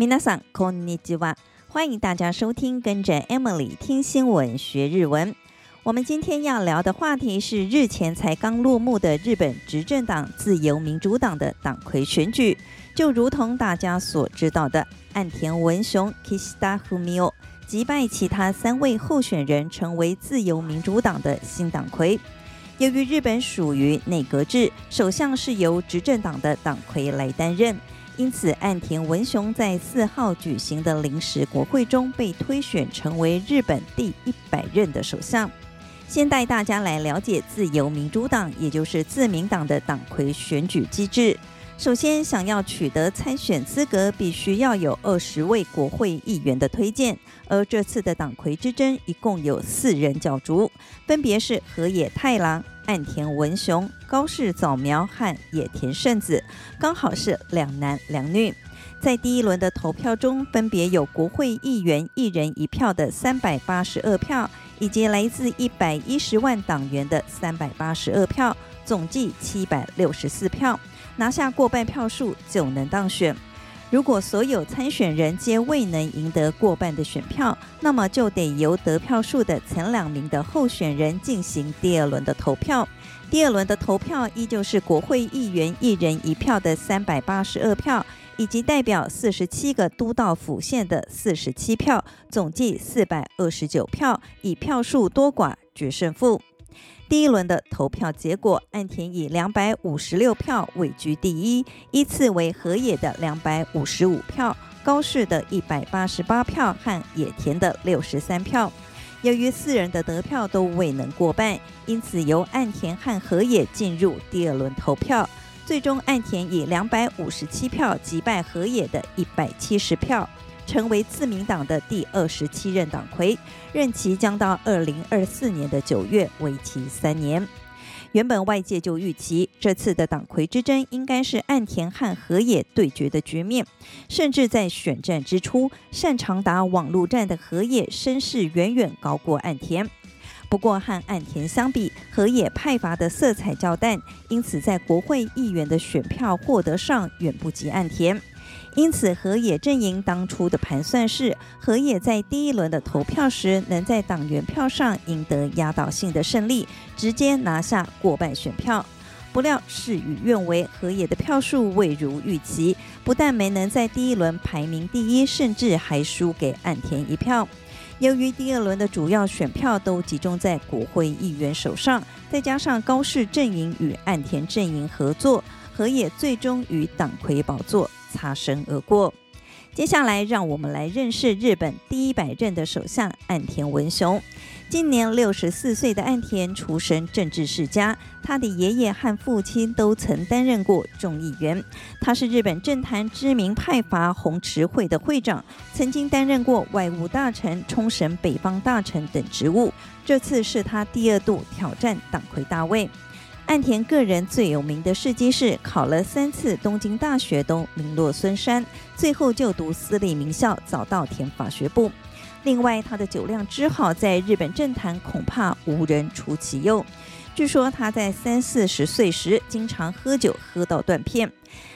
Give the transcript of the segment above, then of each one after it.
皆さんこんにちは。歡迎大家收聽，跟着 Emily 聽新聞學日文。我們今天要聊的話題是日前才剛落幕的日本執政黨自由民主黨的黨魁選舉。就如同大家所知道的，岸田文雄 Kishida Fumio 擊敗其他三位候選人，成為自由民主黨的新黨魁。由於日本屬於內閣制，首相是由執政黨的黨魁來擔任。因此，岸田文雄在四號舉行的臨時國會中被推選成為日本第一百任的首相。先帶大家來了解自由民主黨，也就是自民黨的黨魁選舉機制。首先，想要取得參選資格，必須要有二十位國會議員的推薦。而這次的黨魁之爭，一共有四人角逐，分別是河野太郎。岸田文雄、高市早苗和野田聖子，剛好是兩男兩女。在第一輪的投票中，分別有國會議員一人一票的三百八十二票，以及來自一百一十萬黨員的三百八十二票，總計七百六十四票，拿下過半票數就能當選。如果所有參選人皆未能贏得過半的選票，那麼就得由得票數的前兩名的候選人進行第二輪的投票。第二輪的投票依舊是國會議員一人一票的三百八十二票，以及代表四十七個都道府縣的四十七票，總計四百二十九票，以票數多寡決勝負。第一輪的投票結果，岸田以兩百五十六票位居第一，依次為河野的兩百五十五票、高市的一百八十八票和野田的六十三票。由於四人的得票都未能過半，因此由岸田和河野進入第二輪投票。最終，岸田以兩百五十七票擊敗河野的一百七十票。成為自民黨的第二十七任黨魁，任期將到二零二四年的九月，為期三年。原本外界就預期這次的黨魁之爭應該是岸田和河野對決的局面，甚至在選戰之初，擅長打網絡戰的河野聲勢遠遠高過岸田。不過和岸田相比，河野派閥的色彩較淡，因此在國會議員的選票獲得上遠不及岸田。因此，河野陣營當初的盤算是，河野在第一輪的投票時，能在黨員票上贏得壓倒性的勝利，直接拿下過半選票。不料事與願違，河野的票數未如預期，不但沒能在第一輪排名第一，甚至還輸給岸田一票。由於第二輪的主要選票都集中在國會議員手上，再加上高市陣營與岸田陣營合作，河野最終與黨魁寶座擦身而過。接下來，讓我們來認識日本第一百任的首相岸田文雄。今年六十四歲的岸田出身政治世家，他的爺爺和父親都曾擔任過眾議員。他是日本政壇知名派閥宏池會的會長，曾經擔任過外務大臣、沖繩北方大臣等職務。這次是他第二度挑戰黨魁大位。岸田個人最有名的事蹟是考了三次東京大學都名落孫山，最後就讀私立名校早稻田法學部。另外，他的酒量之好，在日本政壇恐怕無人出其右。據說他在三四十歲時經常喝酒，喝到斷片。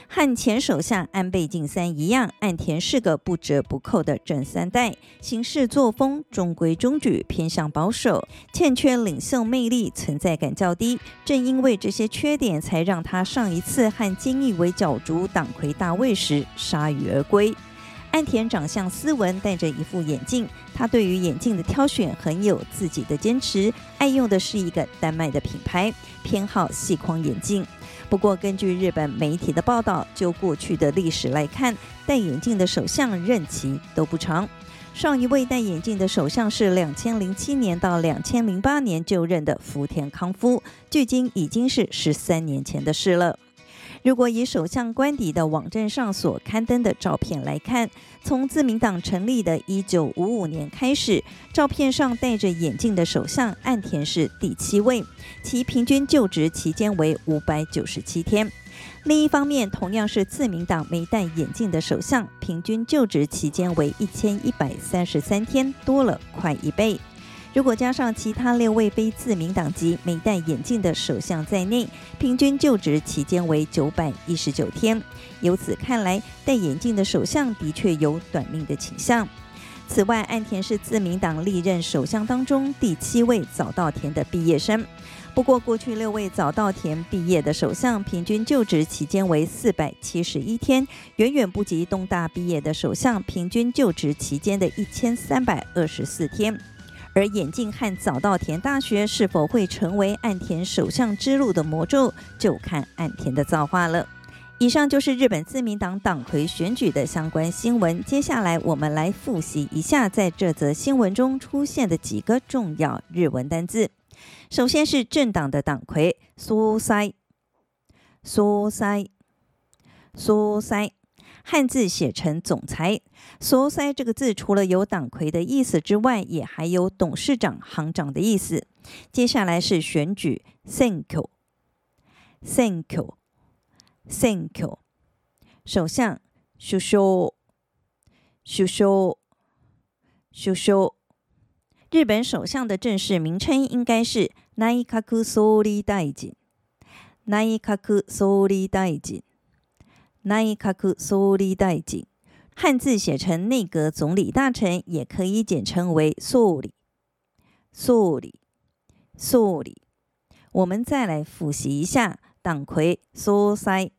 和前首相安倍晉三一樣，岸田是個不折不扣的正三代，行事作風中規中矩，偏向保守，欠缺領袖魅力，存在感較低。正因為這些缺點，才讓他上一次和菅義偉角逐黨魁大位時鎩羽而歸。岸田長相斯文，戴着一副眼鏡。他對於眼鏡的挑選很有自己的堅持，愛用的是一個丹麥的品牌，偏好細框眼鏡。不過，根據日本媒體的報道，就過去的歷史來看，戴眼鏡的首相任期都不長。上一位戴眼鏡的首相是兩千零七年到兩千零八年就任的福田康夫，距今已經是十三年前的事了。如果以首相官邸的網站上所刊登的照片來看，從自民黨成立的一九五五年開始，照片上戴着眼鏡的首相岸田是第七位，其平均就職期間為五百九十七天。另一方面，同樣是自民黨沒戴眼鏡的首相，平均就職期間為一千一百三十三天，多了快一倍。如果加上其他六位非自民黨籍、沒戴眼鏡的首相在內，平均就職期間為九百一十九天。由此看來，戴眼鏡的首相的確有短命的傾向。此外，岸田是自民黨歷任首相當中第七位早稻田的畢業生。不過，過去六位早稻田畢業的首相平均就職期間為四百七十一天，遠遠不及東大畢業的首相平均就職期間的一千三百二十四天。而眼鏡和早稻田大學是否會成為岸田首相之路的魔咒，就看岸田的造化了。以上就是日本自民黨黨魁選舉的相關新聞。接下來我們來複習一下在這則新聞中出現的幾個重要日文單字：首先是政黨的黨魁，そうさい，そうさい，そうさい。漢字寫成“總裁”，“總裁”這個字除了有黨魁的意思之外，也還有董事長、行長的意思。接下來是選舉，“選挙”，“選挙”，“選挙”。首相，「しゅしょう」，「しゅしょう」，「しゅしょう」。日本首相的正式名稱應該是“內閣總理大臣”，“內閣總理大臣”大臣。內閣總理大臣，漢字寫成內閣總理大臣，也可以簡稱為總理、總理、總理。我們再來複習一下黨魁、縮塞、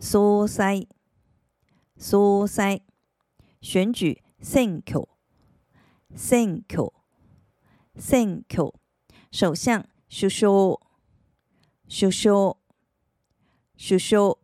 縮塞、縮塞，選舉、選舉、選舉，首相、首相、首相、首相。秀秀秀秀秀秀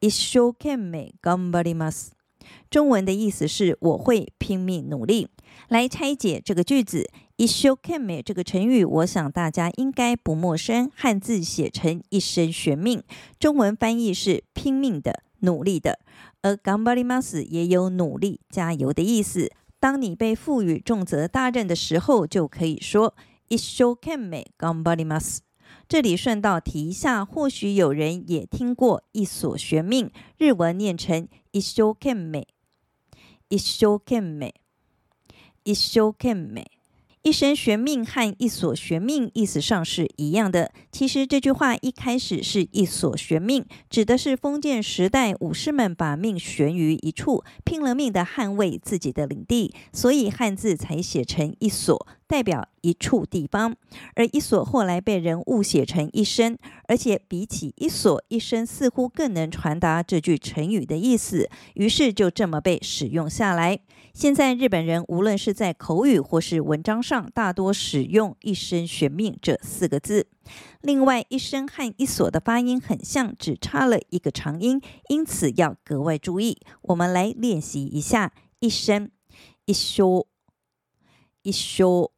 一生懸命，頑張ります。中文的意思是“我會拼命努力”。來拆解這個句子，“一生懸命”這個成語，我想大家應該不陌生。漢字寫成“一生懸命”，中文翻譯是“拼命的努力的”。而“頑張ります”也有努力、加油的意思。當你被賦予重責大任的時候，就可以說“一生懸命，頑張ります”。這裡順道提一下，或許有人也聽過“一所懸命”，日文念成いっしょけんめい。いっしょけんめい、いっしょけんめい。一生懸命和一所懸命意思上是一樣的。其實這句話一開始是一所懸命，指的是封建時代武士們把命懸於一處，拼了命的捍衛自己的領地，所以漢字才寫成一所。代表一處地方，而一所後來被人誤寫成一生，而且比起一所，一生似乎更能傳達這句成語的意思，於是就這麼被使用下來。現在日本人無論是在口語或是文章上，大多使用“一生懸命”這四個字。另外，一生和一所的發音很像，只差了一個長音，因此要格外注意。我們來練習一下：一生，一所。一所。一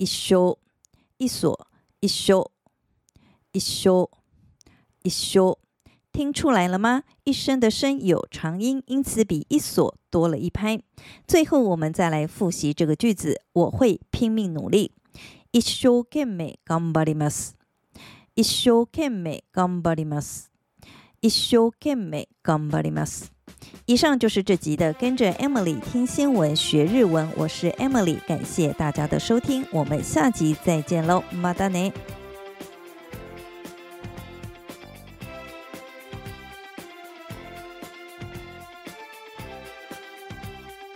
一生，一所，一生，一生，一生，聽出來了嗎？一生的生有長音，因此比一所多了一拍。最後，我們再來複習這個句子：我會拼命努力。一生懸命、頑張ります。一生懸命、頑張ります。一生懸命、頑張ります。以上就是這集的，跟着 Emily 聽新聞學日文，我是 Emily，感謝大家的收聽，我們下集再見嘍，またね。